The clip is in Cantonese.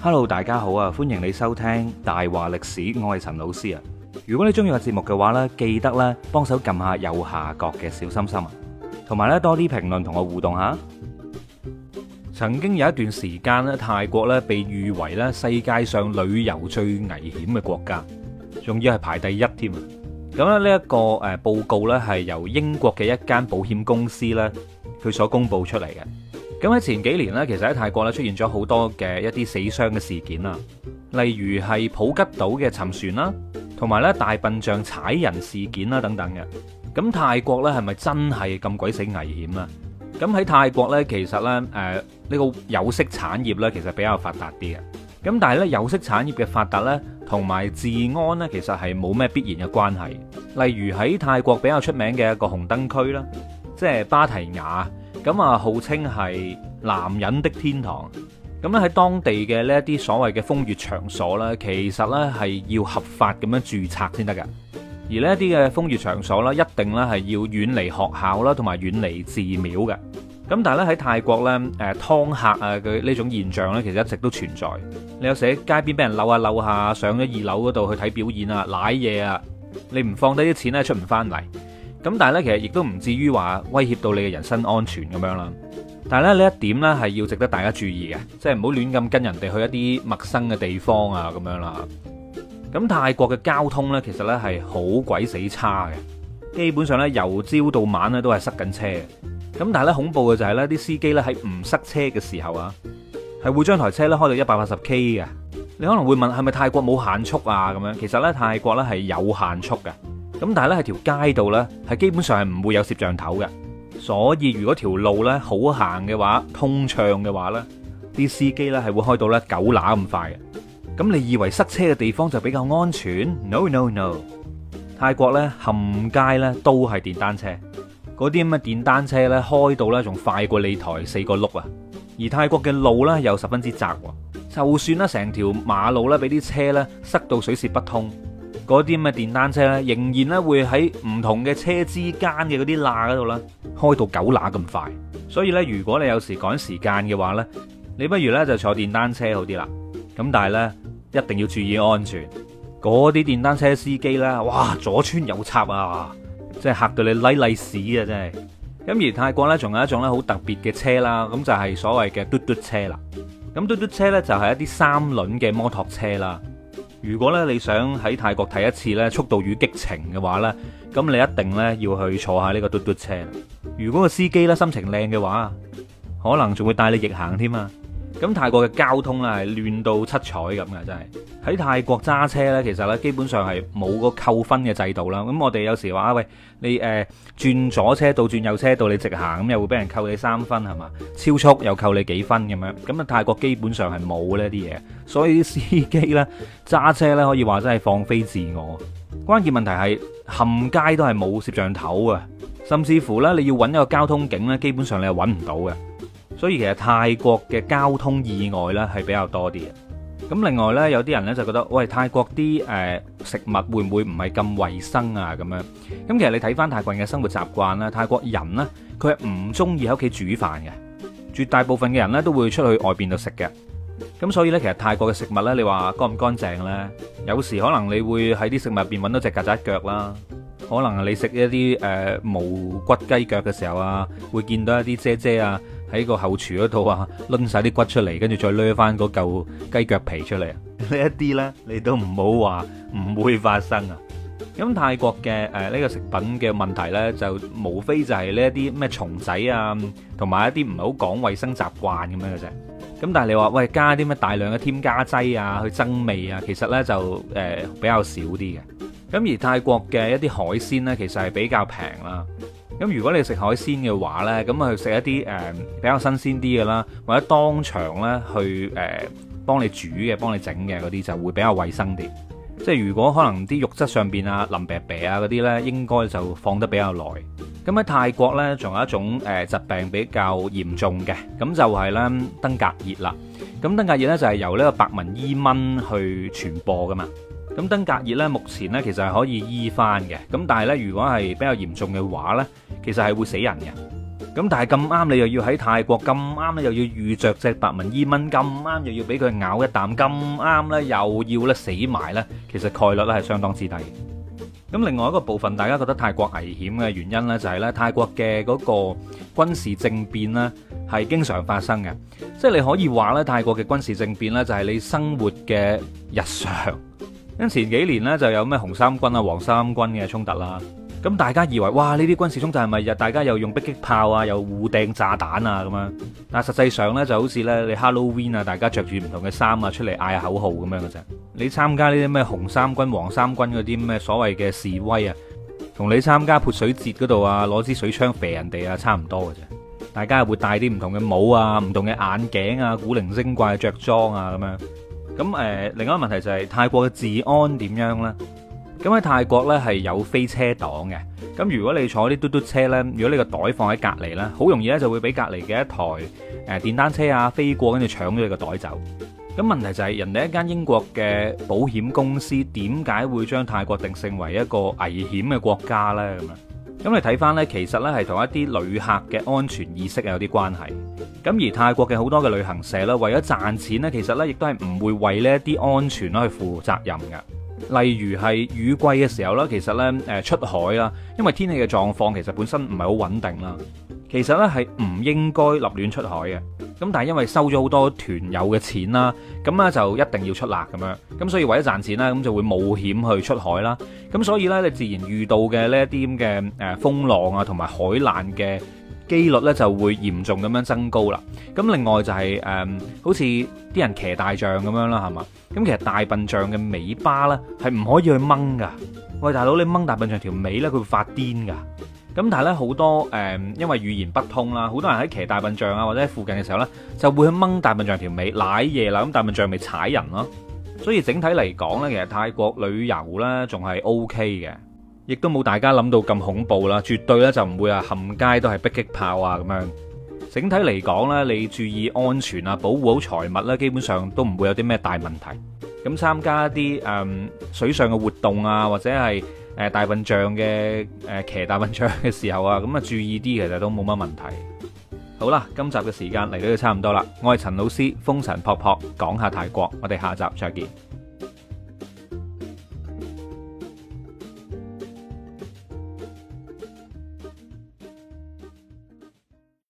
hello，大家好啊，歡迎你收聽大話歷史，我係陳老師啊。如果你中意個節目嘅話呢，記得咧幫手撳下右下角嘅小心心啊，同埋呢多啲評論同我互動下。曾經有一段時間咧，泰國咧被譽為咧世界上旅遊最危險嘅國家，仲要係排第一添啊。咁咧呢一個誒報告呢，係由英國嘅一間保險公司呢，佢所公布出嚟嘅。咁喺前幾年呢，其實喺泰國咧出現咗好多嘅一啲死傷嘅事件啦，例如係普吉島嘅沉船啦，同埋咧大笨象踩人事件啦等等嘅。咁泰國咧係咪真係咁鬼死危險啊？咁喺泰國咧，其實咧呢、呃呢個有色產業咧其實比較發達啲嘅。咁但係咧有色產業嘅發達咧，同埋治安咧其實係冇咩必然嘅關係。例如喺泰國比較出名嘅一個紅燈區啦，即係芭提雅。咁啊，號稱係男人的天堂。咁咧喺當地嘅呢一啲所謂嘅風月場所呢，其實呢係要合法咁樣註冊先得㗎。而呢啲嘅風月場所呢，一定呢係要遠離學校啦，同埋遠離寺廟嘅。咁但係咧喺泰國呢，誒湯客啊，佢呢種現象呢，其實一直都存在。你有時喺街邊俾人扭下扭下，上咗二樓嗰度去睇表演啊、舐嘢啊，你唔放低啲錢呢，出唔翻嚟。咁但係咧，其實亦都唔至於話威脅到你嘅人身安全咁樣啦。但係咧呢一點呢，係要值得大家注意嘅，即係唔好亂咁跟人哋去一啲陌生嘅地方啊咁樣啦。咁泰國嘅交通呢，其實呢係好鬼死差嘅，基本上呢，由朝到晚呢都係塞緊車。咁但係咧，恐怖嘅就係呢啲司機呢，喺唔塞車嘅時候啊，係會將台車呢開到一百八十 K 嘅。你可能會問係咪泰國冇限速啊？咁樣其實呢，泰國呢係有限速嘅。咁但係咧，係條街度呢係基本上係唔會有攝像頭嘅。所以如果條路呢好行嘅話，通暢嘅話呢啲司機呢係會開到呢狗乸咁快嘅。咁你以為塞車嘅地方就比較安全？No no no！泰國呢，冚街呢都係電單車，嗰啲咁嘅電單車呢開到呢仲快過你台四個轆啊！而泰國嘅路呢又十分之窄，就算呢成條馬路呢俾啲車呢塞到水泄不通。嗰啲咁嘅電單車咧，仍然咧會喺唔同嘅車之間嘅嗰啲罅嗰度啦，開到狗乸咁快。所以咧，如果你有時趕時間嘅話咧，你不如咧就坐電單車好啲啦。咁但係咧，一定要注意安全。嗰啲電單車司機咧，哇，左穿右插啊，即係嚇到你拉痢屎啊，真係。咁而泰國咧，仲有一種咧好特別嘅車啦，咁就係所謂嘅嘟嘟車啦。咁嘟嘟車咧就係、是、一啲三輪嘅摩托車啦。如果咧你想喺泰國睇一次咧《速度與激情》嘅話咧，咁你一定咧要去坐下呢個嘟嘟車。如果個司機咧心情靚嘅話，可能仲會帶你逆行添啊！咁泰國嘅交通咧係亂到七彩咁嘅，真係。喺泰國揸車呢，其實基本上係冇個扣分嘅制度啦。咁我哋有時話喂，你誒轉左車道轉右車道，你直行咁又會俾人扣你三分係嘛？超速又扣你幾分咁樣。咁啊泰國基本上係冇呢啲嘢，所以啲司機呢，揸車呢可以話真係放飛自我。關鍵問題係冚街都係冇攝像頭啊，甚至乎呢，你要揾一個交通警呢，基本上你係揾唔到嘅。所以其實泰國嘅交通意外呢，係比較多啲嘅。咁另外呢，有啲人呢就覺得，喂，泰國啲、呃、食物會唔會唔係咁衞生啊？咁樣，咁其實你睇翻泰國人嘅生活習慣啦，泰國人呢，佢係唔中意喺屋企煮飯嘅，絕大部分嘅人呢都會出去外邊度食嘅。咁所以呢，其實泰國嘅食物呢，你話乾唔乾淨呢？有時可能你會喺啲食物入邊揾到隻曱甴腳啦，可能你食一啲毛、呃、骨雞腳嘅時候啊，會見到一啲啫啫啊。喺個後廚嗰度啊，攆晒啲骨出嚟，跟住再掠翻嗰嚿雞腳皮出嚟。呢一啲呢，你都唔好話唔會發生啊！咁泰國嘅誒呢個食品嘅問題呢，就無非就係呢一啲咩蟲仔啊，同埋一啲唔係好講衛生習慣咁樣嘅啫。咁但係你話喂，加啲咩大量嘅添加劑啊，去增味啊，其實呢就誒、呃、比較少啲嘅。咁而泰國嘅一啲海鮮呢，其實係比較平啦。咁如果你食海鮮嘅話呢，咁啊食一啲誒、呃、比較新鮮啲嘅啦，或者當場呢去誒幫、呃、你煮嘅、幫你整嘅嗰啲就會比較衛生啲。即係如果可能啲肉質上面啊腍啤啤啊嗰啲呢，應該就放得比較耐。咁喺泰國呢，仲有一種誒、呃、疾病比較嚴重嘅，咁就係呢登革熱啦。咁登革熱呢，就係、是、由呢個白紋伊蚊去傳播噶嘛。咁登革熱呢，目前呢，其實係可以醫返嘅。咁但係呢，如果係比較嚴重嘅話呢，其實係會死人嘅，咁但係咁啱你又要喺泰國，咁啱咧又要遇着隻白紋伊蚊，咁啱又要俾佢咬一啖，咁啱咧又要咧死埋咧，其實概率咧係相當之低嘅。咁另外一個部分，大家覺得泰國危險嘅原因咧，就係咧泰國嘅嗰個軍事政變咧係經常發生嘅，即係你可以話咧泰國嘅軍事政變咧就係你生活嘅日常。咁前幾年咧就有咩紅三軍啊、黃三軍嘅衝突啦。咁大家以為哇呢啲軍事衝突係咪又大家又用迫擊炮啊，又互掟炸彈啊咁樣？但實際上呢，就好似呢，你 Halloween 啊，大家着住唔同嘅衫啊出嚟嗌口號咁樣嘅啫。你參加呢啲咩紅三軍、黃三軍嗰啲咩所謂嘅示威啊，同你參加潑水節嗰度啊攞支水槍肥人哋啊差唔多嘅啫。大家會戴啲唔同嘅帽啊、唔同嘅眼鏡啊、古靈精怪嘅着裝啊咁樣。咁誒、呃，另外一個問題就係泰國嘅治安點樣呢？咁喺泰國呢，係有飛車黨嘅，咁如果你坐啲嘟嘟車呢，如果你個袋放喺隔離呢，好容易呢就會俾隔離嘅一台誒電單車啊飛過，跟住搶咗你個袋走。咁問題就係人哋一間英國嘅保險公司點解會將泰國定性為一個危險嘅國家呢？咁咁你睇翻呢，其實呢係同一啲旅客嘅安全意識有啲關係。咁而泰國嘅好多嘅旅行社呢，為咗賺錢呢，其實呢亦都係唔會為呢啲安全去負責任嘅。例如係雨季嘅時候啦，其實呢誒出海啦，因為天氣嘅狀況其實本身唔係好穩定啦。其實呢係唔應該立亂出海嘅。咁但係因為收咗好多團友嘅錢啦，咁呢就一定要出納咁樣。咁所以為咗賺錢呢，咁就會冒險去出海啦。咁所以呢，你自然遇到嘅呢啲噉嘅誒風浪啊，同埋海難嘅。機率咧就會嚴重咁樣增高啦。咁另外就係、是、誒、嗯，好似啲人騎大象咁樣啦，係嘛？咁其實大笨象嘅尾巴咧係唔可以去掹噶。喂，大佬你掹大笨象條尾咧，佢會發癲噶。咁但係咧好多誒、嗯，因為語言不通啦，好多人喺騎大笨象啊，或者喺附近嘅時候咧，就會去掹大笨象條尾，舐嘢啦。咁大笨象咪踩人咯。所以整體嚟講咧，其實泰國旅遊咧仲係 OK 嘅。亦都冇大家諗到咁恐怖啦，絕對咧就唔會話冚街都係迫擊炮啊咁樣。整體嚟講呢，你注意安全啊，保護好財物呢，基本上都唔會有啲咩大問題。咁參加一啲、嗯、水上嘅活動啊，或者係大笨象嘅誒騎大笨象嘅時候啊，咁啊注意啲，其實都冇乜問題。好啦，今集嘅時間嚟到差唔多啦，我係陳老師，風神勃勃講下泰國，我哋下集再見。